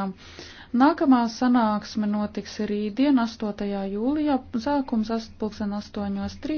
beigām. Nākamā sanāksme notiks rītdien, 8. jūlijā, sākums 8.30.